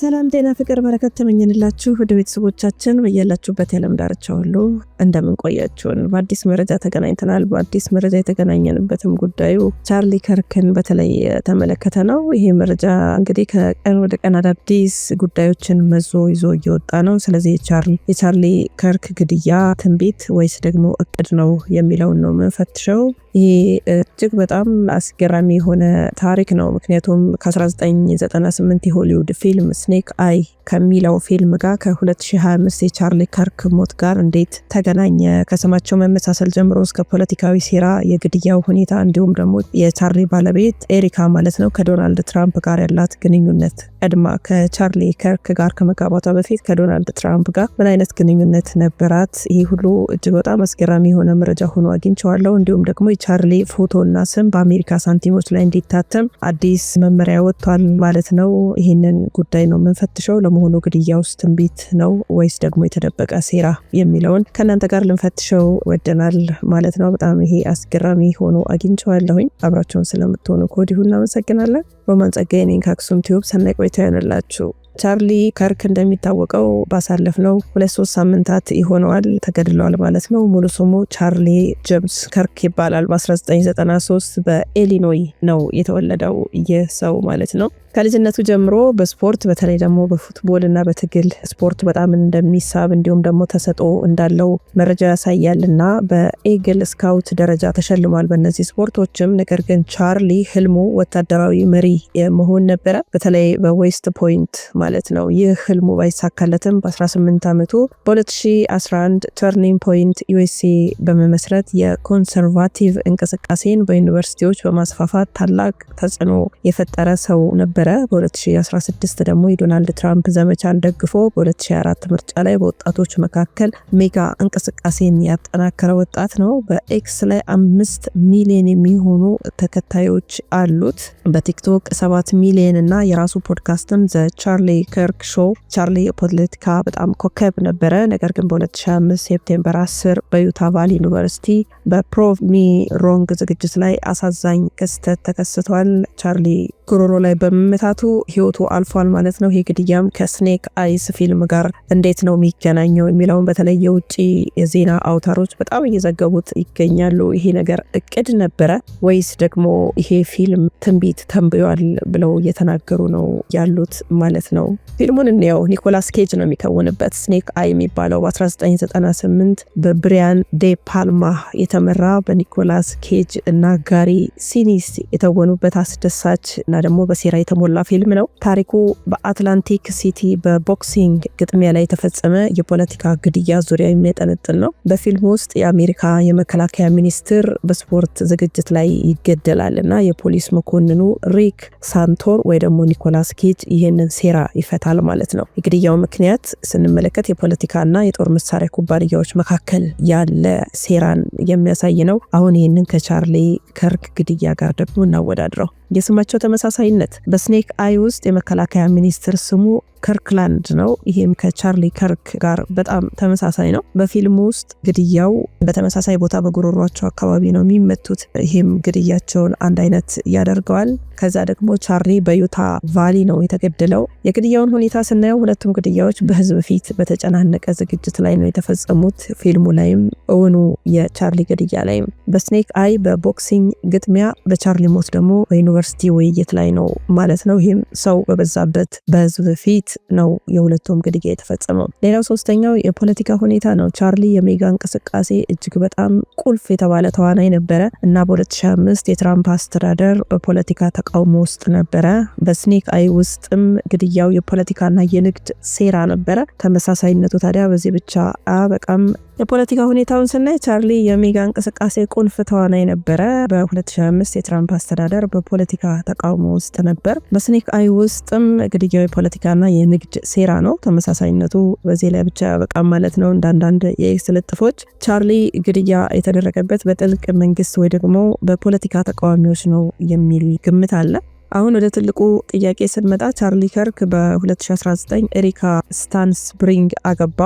ሰላም ጤና ፍቅር በረከት ተመኘንላችሁ ወደ ቤተሰቦቻችን በያላችሁበት የዓለም ዳርቻ ሁሉ እንደምንቆያችሁን በአዲስ መረጃ ተገናኝተናል። በአዲስ መረጃ የተገናኘንበትም ጉዳዩ ቻርሊ ከርክን በተለይ የተመለከተ ነው። ይሄ መረጃ እንግዲህ ከቀን ወደ ቀን አዳዲስ ጉዳዮችን መዞ ይዞ እየወጣ ነው። ስለዚህ የቻርሊ ከርክ ግድያ ትንቢት ወይስ ደግሞ እቅድ ነው የሚለውን ነው ምንፈትሸው። ይህ እጅግ በጣም አስገራሚ የሆነ ታሪክ ነው። ምክንያቱም ከ1998 የሆሊውድ ፊልም ስኔክ አይ ከሚለው ፊልም ጋር ከ2025 የቻርሊ ከርክ ሞት ጋር እንዴት ተገናኘ? ከስማቸው መመሳሰል ጀምሮ እስከ ፖለቲካዊ ሴራ፣ የግድያው ሁኔታ እንዲሁም ደግሞ የቻርሊ ባለቤት ኤሪካ ማለት ነው ከዶናልድ ትራምፕ ጋር ያላት ግንኙነት ቀድማ ከቻርሊ ከርክ ጋር ከመጋባቷ በፊት ከዶናልድ ትራምፕ ጋር ምን አይነት ግንኙነት ነበራት? ይህ ሁሉ እጅግ በጣም አስገራሚ የሆነ መረጃ ሆኖ አግኝቸዋለሁ። እንዲሁም ደግሞ የቻርሊ ፎቶና ስም በአሜሪካ ሳንቲሞች ላይ እንዲታተም አዲስ መመሪያ ወጥቷል ማለት ነው። ይህንን ጉዳይ ነው የምንፈትሸው። ለመሆኑ ግድያ ውስጥ ትንቢት ነው ወይስ ደግሞ የተደበቀ ሴራ የሚለውን ከእናንተ ጋር ልንፈትሸው ወደናል ማለት ነው። በጣም ይሄ አስገራሚ ሆኖ አግኝቸዋለሁኝ። አብራቸውን ስለምትሆኑ ከወዲሁ እናመሰግናለን። ሮማን ጸጋዬ ነኝ ከአክሱም ቲዩብ ሰናይ ቆይታ ይሆንላችሁ። ቻርሊ ከርክ እንደሚታወቀው ነው ሁለት ሶስት ሳምንታት ይሆነዋል ተገድለዋል ማለት ነው። ሙሉ ስሙ ቻርሊ ጄምስ ከርክ ይባላል። በ1993 በኤሊኖይ ነው የተወለደው ይህ ሰው ማለት ነው። ከልጅነቱ ጀምሮ በስፖርት በተለይ ደግሞ በፉትቦል እና በትግል ስፖርት በጣም እንደሚሳብ እንዲሁም ደግሞ ተሰጦ እንዳለው መረጃ ያሳያል እና በኤግል ስካውት ደረጃ ተሸልሟል በእነዚህ ስፖርቶችም። ነገር ግን ቻርሊ ህልሙ ወታደራዊ መሪ መሆን ነበረ በተለይ በዌስት ፖይንት ማለት ነው። ይህ ህልሙ ባይሳካለትም በ18 ዓመቱ በ2011 ተርኒንግ ፖይንት ዩኤስኤ በመመስረት የኮንሰርቫቲቭ እንቅስቃሴን በዩኒቨርሲቲዎች በማስፋፋት ታላቅ ተጽዕኖ የፈጠረ ሰው ነበረ። በ2016 ደግሞ የዶናልድ ትራምፕ ዘመቻን ደግፎ በ2024 ምርጫ ላይ በወጣቶች መካከል ሜጋ እንቅስቃሴን ያጠናከረ ወጣት ነው። በኤክስ ላይ አምስት ሚሊዮን የሚሆኑ ተከታዮች አሉት። በቲክቶክ ሰባት ሚሊዮን እና የራሱ ፖድካስትም ዘ ቻርሊ ከርክ ሾው ቻርሊ የፖለቲካ በጣም ኮከብ ነበረ። ነገር ግን በ2005 ሴፕቴምበር 10 በዩታ ቫል ዩኒቨርሲቲ በፕሮቭ ሚ ሮንግ ዝግጅት ላይ አሳዛኝ ክስተት ተከስቷል። ቻርሊ ጉሮሮ ላይ በመመታቱ ህይወቱ አልፏል ማለት ነው። ይህ ግድያም ከስኔክ አይስ ፊልም ጋር እንዴት ነው የሚገናኘው የሚለውን በተለይ የውጭ የዜና አውታሮች በጣም እየዘገቡት ይገኛሉ። ይሄ ነገር እቅድ ነበረ ወይስ ደግሞ ይሄ ፊልም ትንቢት ተንብዮአል ብለው እየተናገሩ ነው ያሉት ማለት ነው። ነው። ፊልሙን እንየው። ኒኮላስ ኬጅ ነው የሚከውንበት። ስኔክ አይ የሚባለው በ1998 በብሪያን ዴ ፓልማ የተመራ በኒኮላስ ኬጅ እና ጋሪ ሲኒስ የተወኑበት አስደሳች እና ደግሞ በሴራ የተሞላ ፊልም ነው። ታሪኩ በአትላንቲክ ሲቲ በቦክሲንግ ግጥሚያ ላይ የተፈጸመ የፖለቲካ ግድያ ዙሪያ የሚያጠነጥል ነው። በፊልሙ ውስጥ የአሜሪካ የመከላከያ ሚኒስትር በስፖርት ዝግጅት ላይ ይገደላል እና የፖሊስ መኮንኑ ሪክ ሳንቶር ወይ ደግሞ ኒኮላስ ኬጅ ይህንን ሴራ ይፈታል ማለት ነው። የግድያው ምክንያት ስንመለከት የፖለቲካና የጦር መሳሪያ ኩባንያዎች መካከል ያለ ሴራን የሚያሳይ ነው። አሁን ይህንን ከቻርሊ ከርክ ግድያ ጋር ደግሞ እናወዳድረው። የስማቸው ተመሳሳይነት በስኔክ አይ ውስጥ የመከላከያ ሚኒስትር ስሙ ከርክላንድ ነው። ይህም ከቻርሊ ከርክ ጋር በጣም ተመሳሳይ ነው። በፊልሙ ውስጥ ግድያው በተመሳሳይ ቦታ በጉሮሯቸው አካባቢ ነው የሚመቱት። ይህም ግድያቸውን አንድ አይነት ያደርገዋል። ከዛ ደግሞ ቻርሊ በዩታ ቫሊ ነው የተገደለው። የግድያውን ሁኔታ ስናየው ሁለቱም ግድያዎች በህዝብ ፊት በተጨናነቀ ዝግጅት ላይ ነው የተፈጸሙት። ፊልሙ ላይም እውኑ የቻርሊ ግድያ ላይም በስኔክ አይ በቦክሲንግ ግጥሚያ፣ በቻርሊ ሞት ደግሞ በዩኒቨርሲቲ ውይይት ላይ ነው ማለት ነው። ይህም ሰው በበዛበት በህዝብ ፊት ነው የሁለቱም ግድያ የተፈጸመው። ሌላው ሶስተኛው የፖለቲካ ሁኔታ ነው። ቻርሊ የሜጋ እንቅስቃሴ እጅግ በጣም ቁልፍ የተባለ ተዋናይ ነበረ እና በ2005 የትራምፕ አስተዳደር በፖለቲካ ተቃውሞ ውስጥ ነበረ። በስኔክ አይ ውስጥም ግድያው ያው የፖለቲካና የንግድ ሴራ ነበረ። ተመሳሳይነቱ ታዲያ በዚህ ብቻ አያበቃም። የፖለቲካ ሁኔታውን ስናይ ቻርሊ የሚጋ እንቅስቃሴ ቁልፍ ተዋናይ ነበረ። በ2005 የትራምፕ አስተዳደር በፖለቲካ ተቃውሞ ውስጥ ነበር። በስኔክ አይ ውስጥም ግድያው የፖለቲካና የንግድ ሴራ ነው። ተመሳሳይነቱ በዚህ ላይ ብቻ ያበቃም ማለት ነው። እንዳንዳንድ የኤክስ ልጥፎች ቻርሊ ግድያ የተደረገበት በጥልቅ መንግስት ወይ ደግሞ በፖለቲካ ተቃዋሚዎች ነው የሚል ግምት አለ። አሁን ወደ ትልቁ ጥያቄ ስንመጣ ቻርሊ ከርክ በ2019 ኤሪካ ስታንስብሪንግ አገባ።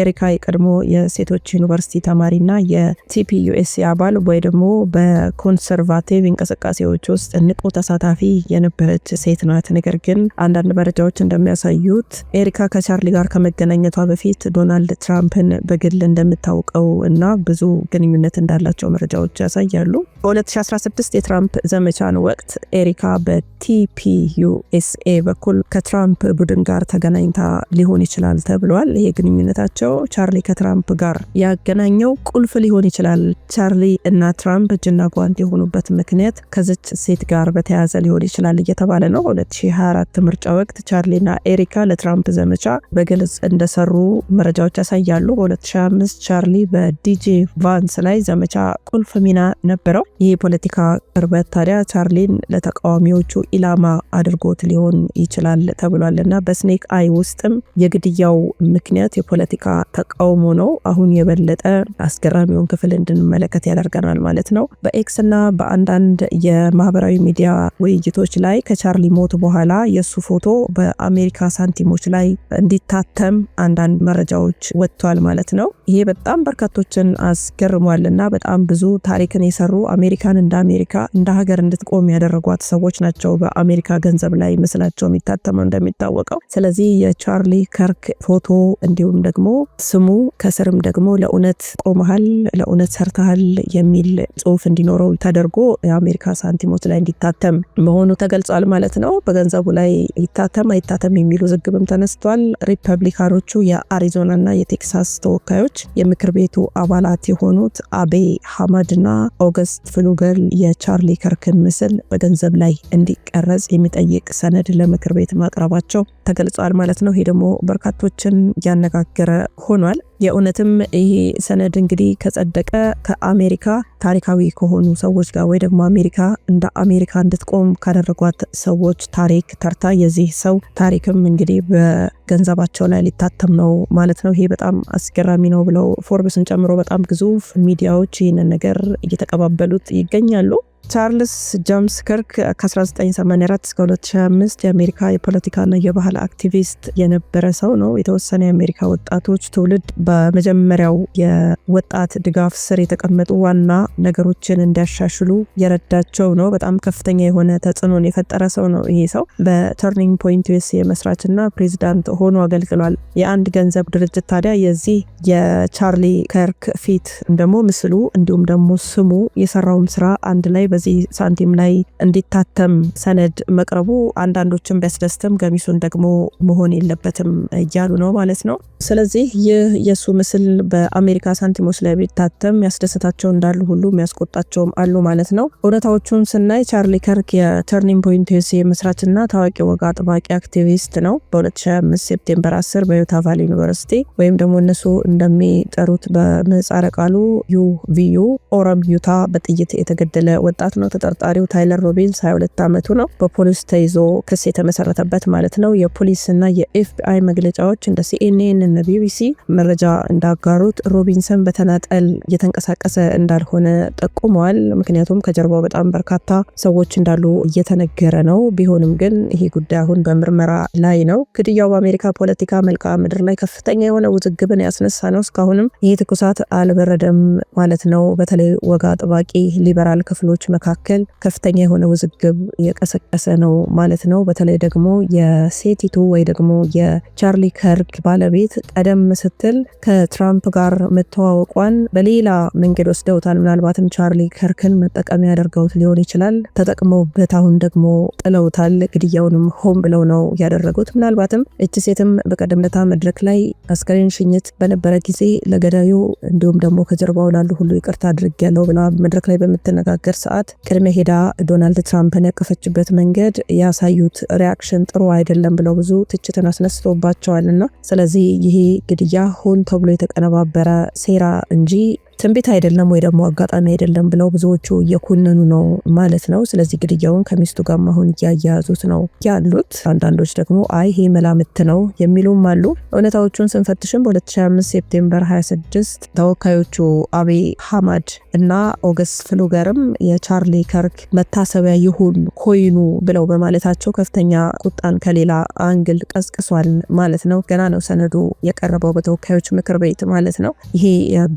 ኤሪካ የቀድሞ የሴቶች ዩኒቨርሲቲ ተማሪና የቲፒዩኤስሲ አባል ወይ ደግሞ በኮንሰርቫቲቭ እንቅስቃሴዎች ውስጥ ንቁ ተሳታፊ የነበረች ሴት ናት። ነገር ግን አንዳንድ መረጃዎች እንደሚያሳዩት ኤሪካ ከቻርሊ ጋር ከመገናኘቷ በፊት ዶናልድ ትራምፕን በግል እንደምታውቀው እና ብዙ ግንኙነት እንዳላቸው መረጃዎች ያሳያሉ። በ2016 የትራምፕ ዘመቻን ወቅት ኤሪካ በ ቲፒዩኤስኤ በኩል ከትራምፕ ቡድን ጋር ተገናኝታ ሊሆን ይችላል ተብሏል። ይሄ ግንኙነታቸው ቻርሊ ከትራምፕ ጋር ያገናኘው ቁልፍ ሊሆን ይችላል። ቻርሊ እና ትራምፕ እጅና ጓንት የሆኑበት ምክንያት ከዚች ሴት ጋር በተያያዘ ሊሆን ይችላል እየተባለ ነው። 2024 ምርጫ ወቅት ቻርሊ እና ኤሪካ ለትራምፕ ዘመቻ በግልጽ እንደሰሩ መረጃዎች ያሳያሉ። በ2025 ቻርሊ በዲጄ ቫንስ ላይ ዘመቻ ቁልፍ ሚና ነበረው። ይህ የፖለቲካ ቅርበት ታዲያ ቻርሊን ለተቃዋሚዎቹ ኢላማ አድርጎት ሊሆን ይችላል ተብሏል እና በስኔክ አይ ውስጥም የግድያው ምክንያት የፖለቲካ ተቃውሞ ነው። አሁን የበለጠ አስገራሚውን ክፍል እንድንመለከት ያደርገናል ማለት ነው። በኤክስ እና በአንዳንድ የማህበራዊ ሚዲያ ውይይቶች ላይ ከቻርሊ ሞት በኋላ የእሱ ፎቶ በአሜሪካ ሳንቲሞች ላይ እንዲታተም አንዳንድ መረጃዎች ወጥቷል ማለት ነው። ይሄ በጣም በርካቶችን አስገርሟል እና በጣም ብዙ ታሪክን የሰሩ አሜሪካን እንደ አሜሪካ እንደ ሀገር እንድትቆም ያደረጓት ሰዎች ናቸው በአሜሪካ ገንዘብ ላይ ምስላቸው የሚታተመው እንደሚታወቀው። ስለዚህ የቻርሊ ከርክ ፎቶ እንዲሁም ደግሞ ስሙ ከስርም ደግሞ ለእውነት ቆመሃል፣ ለእውነት ሰርተሃል የሚል ጽሁፍ እንዲኖረው ተደርጎ የአሜሪካ ሳንቲሞች ላይ እንዲታተም መሆኑ ተገልጿል ማለት ነው። በገንዘቡ ላይ ይታተም አይታተም የሚሉ ዝግብም ተነስቷል። ሪፐብሊካኖቹ የአሪዞናና የቴክሳስ ተወካዮች የምክር ቤቱ አባላት የሆኑት አቤ ሐመድና ኦገስት ፍሉገል የቻርሊ ከርክን ምስል በገንዘብ ላይ እንዲ እንዲቀረጽ የሚጠይቅ ሰነድ ለምክር ቤት ማቅረባቸው ተገልጿል ማለት ነው። ይሄ ደግሞ በርካቶችን ያነጋገረ ሆኗል። የእውነትም ይሄ ሰነድ እንግዲህ ከጸደቀ ከአሜሪካ ታሪካዊ ከሆኑ ሰዎች ጋር ወይ ደግሞ አሜሪካ እንደ አሜሪካ እንድትቆም ካደረጓት ሰዎች ታሪክ ተርታ የዚህ ሰው ታሪክም እንግዲህ በገንዘባቸው ላይ ሊታተም ነው ማለት ነው። ይሄ በጣም አስገራሚ ነው ብለው ፎርብስን ጨምሮ በጣም ግዙፍ ሚዲያዎች ይህንን ነገር እየተቀባበሉት ይገኛሉ። ቻርልስ ጃምስ ከርክ ከ1984 እስከ 2005 የአሜሪካ የፖለቲካና የባህል አክቲቪስት የነበረ ሰው ነው። የተወሰነ የአሜሪካ ወጣቶች ትውልድ በመጀመሪያው የወጣት ድጋፍ ስር የተቀመጡ ዋና ነገሮችን እንዲያሻሽሉ የረዳቸው ነው። በጣም ከፍተኛ የሆነ ተጽዕኖን የፈጠረ ሰው ነው። ይሄ ሰው በተርኒንግ ፖይንት ዩስ የመስራችና ፕሬዚዳንት ሆኖ አገልግሏል። የአንድ ገንዘብ ድርጅት ታዲያ የዚህ የቻርሊ ከርክ ፊት ደግሞ ምስሉ እንዲሁም ደግሞ ስሙ የሰራውን ስራ አንድ ላይ በዚህ ሳንቲም ላይ እንዲታተም ሰነድ መቅረቡ አንዳንዶችን ቢያስደስትም ገሚሱን ደግሞ መሆን የለበትም እያሉ ነው ማለት ነው። ስለዚህ ይህ የእሱ ምስል በአሜሪካ ሳንቲሞች ላይ ቢታተም ያስደሰታቸው እንዳሉ ሁሉ የሚያስቆጣቸውም አሉ ማለት ነው። እውነታዎቹን ስናይ ቻርሊ ከርክ የተርኒንግ ፖይንት ዩስ መስራችና ታዋቂ ወግ አጥባቂ አክቲቪስት ነው። በ2025 ሴፕቴምበር 10 በዩታ ቫሊ ዩኒቨርሲቲ ወይም ደግሞ እነሱ እንደሚጠሩት በምህጻረ ቃሉ ዩቪዩ ኦረም ዩታ በጥይት የተገደለ ወጣት ቅጣት ነው። ተጠርጣሪው ታይለር ሮቢንስ 22 ዓመቱ ነው። በፖሊስ ተይዞ ክስ የተመሰረተበት ማለት ነው። የፖሊስና የኤፍቢአይ መግለጫዎች እንደ ሲኤንኤን እና ቢቢሲ መረጃ እንዳጋሩት ሮቢንሰን በተናጠል እየተንቀሳቀሰ እንዳልሆነ ጠቁመዋል። ምክንያቱም ከጀርባው በጣም በርካታ ሰዎች እንዳሉ እየተነገረ ነው። ቢሆንም ግን ይሄ ጉዳይ አሁን በምርመራ ላይ ነው። ግድያው በአሜሪካ ፖለቲካ መልክዓ ምድር ላይ ከፍተኛ የሆነ ውዝግብን ያስነሳ ነው። እስካሁንም ይህ ትኩሳት አልበረደም ማለት ነው። በተለይ ወግ አጥባቂ ሊበራል ክፍሎች መካከል ከፍተኛ የሆነ ውዝግብ የቀሰቀሰ ነው ማለት ነው። በተለይ ደግሞ የሴቲቱ ወይ ደግሞ የቻርሊ ከርክ ባለቤት ቀደም ስትል ከትራምፕ ጋር መተዋወቋን በሌላ መንገድ ወስደውታል። ምናልባትም ቻርሊ ከርክን መጠቀሚያ ያደርገውት ሊሆን ይችላል። ተጠቅመውበት አሁን ደግሞ ጥለውታል። ግድያውንም ሆን ብለው ነው ያደረጉት። ምናልባትም እች ሴትም በቀደም ለታ መድረክ ላይ አስከሬን ሽኝት በነበረ ጊዜ ለገዳዩ እንዲሁም ደግሞ ከጀርባው ላሉ ሁሉ ይቅርታ ያለው ብላ መድረክ ላይ በምትነጋገር ሰዓት ሰዓት ቅድመ ሄዳ ዶናልድ ትራምፕ በነቀፈችበት መንገድ ያሳዩት ሪያክሽን ጥሩ አይደለም ብለው ብዙ ትችትን አስነስቶባቸዋልና ስለዚህ ይሄ ግድያ ሆን ተብሎ የተቀነባበረ ሴራ እንጂ ትንቢት አይደለም ወይ ደግሞ አጋጣሚ አይደለም ብለው ብዙዎቹ እየኮነኑ ነው ማለት ነው። ስለዚህ ግድያውን ከሚስቱ ጋር አሁን እያያያዙት ነው ያሉት። አንዳንዶች ደግሞ አይ ይሄ መላምት ነው የሚሉም አሉ። እውነታዎቹን ስንፈትሽም በ2025 ሴፕቴምበር 26 ተወካዮቹ አቤ ሀማድ እና ኦገስት ፍሉገርም የ ቻርሊ ከርክ መታሰቢያ ይሁን ኮይኑ ብለው በማለታቸው ከፍተኛ ቁጣን ከሌላ አንግል ቀስቅሷል ማለት ነው። ገና ነው ሰነዱ የቀረበው በተወካዮች ምክር ቤት ማለት ነው። ይሄ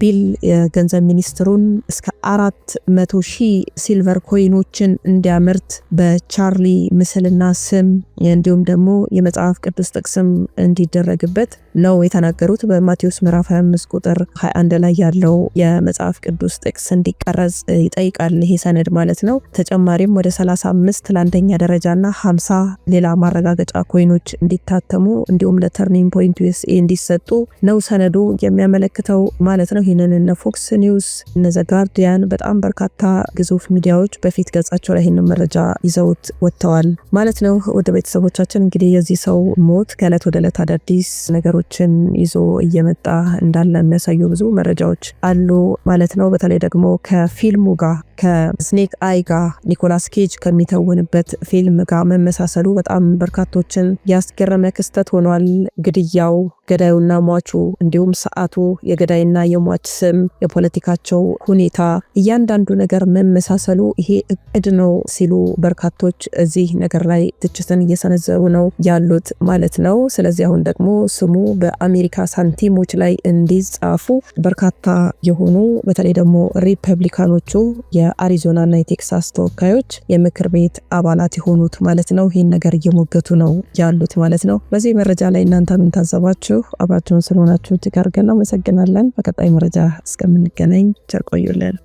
ቢል የገንዘብ ሚኒስትሩን እስከ አራት መቶ ሺህ ሲልቨር ኮይኖችን እንዲያመርት በቻርሊ ምስልና ስም እንዲሁም ደግሞ የመጽሐፍ ቅዱስ ጥቅስም እንዲደረግበት ነው የተናገሩት። በማቴዎስ ምዕራፍ 25 ቁጥር 21 ላይ ያለው የመጽሐፍ ቅዱስ ጥቅስ እንዲቀረጽ ይጠይቃል ይሄ ሰነድ ሰነድ ማለት ነው። ተጨማሪም ወደ 35 ለአንደኛ ደረጃና 50 ሌላ ማረጋገጫ ኮይኖች እንዲታተሙ እንዲሁም ለተርኒንግ ፖይንት ዩኤስኤ እንዲሰጡ ነው ሰነዱ የሚያመለክተው ማለት ነው። ይህንን እነ ፎክስ ኒውስ እነ ዘ ጋርዲያን በጣም በርካታ ግዙፍ ሚዲያዎች በፊት ገጻቸው ላይ ይህንን መረጃ ይዘውት ወጥተዋል ማለት ነው። ወደ ቤተሰቦቻችን እንግዲህ የዚህ ሰው ሞት ከእለት ወደ እለት አዳዲስ ነገሮችን ይዞ እየመጣ እንዳለ የሚያሳዩ ብዙ መረጃዎች አሉ ማለት ነው። በተለይ ደግሞ ከፊልሙ ጋር ስኔክ አይ ጋር ኒኮላስ ኬጅ ከሚተውንበት ፊልም ጋር መመሳሰሉ በጣም በርካቶችን ያስገረመ ክስተት ሆኗል። ግድያው ገዳዩና ሟቹ እንዲሁም ሰዓቱ፣ የገዳይና የሟች ስም፣ የፖለቲካቸው ሁኔታ፣ እያንዳንዱ ነገር መመሳሰሉ ይሄ እቅድ ነው ሲሉ በርካቶች እዚህ ነገር ላይ ትችትን እየሰነዘሩ ነው ያሉት ማለት ነው። ስለዚህ አሁን ደግሞ ስሙ በአሜሪካ ሳንቲሞች ላይ እንዲጻፉ በርካታ የሆኑ በተለይ ደግሞ ሪፐብሊካኖቹ የአሪዞናና የቴክሳስ ተወካዮች የምክር ቤት አባላት የሆኑት ማለት ነው ይህን ነገር እየሞገቱ ነው ያሉት ማለት ነው። በዚህ መረጃ ላይ እናንተ ምን ታዘባችሁ? ናችሁ። አብራችሁን ስለሆናችሁ እጅግ አድርገን እናመሰግናለን። በቀጣይ መረጃ እስከምንገናኝ ቸር ቆዩልን።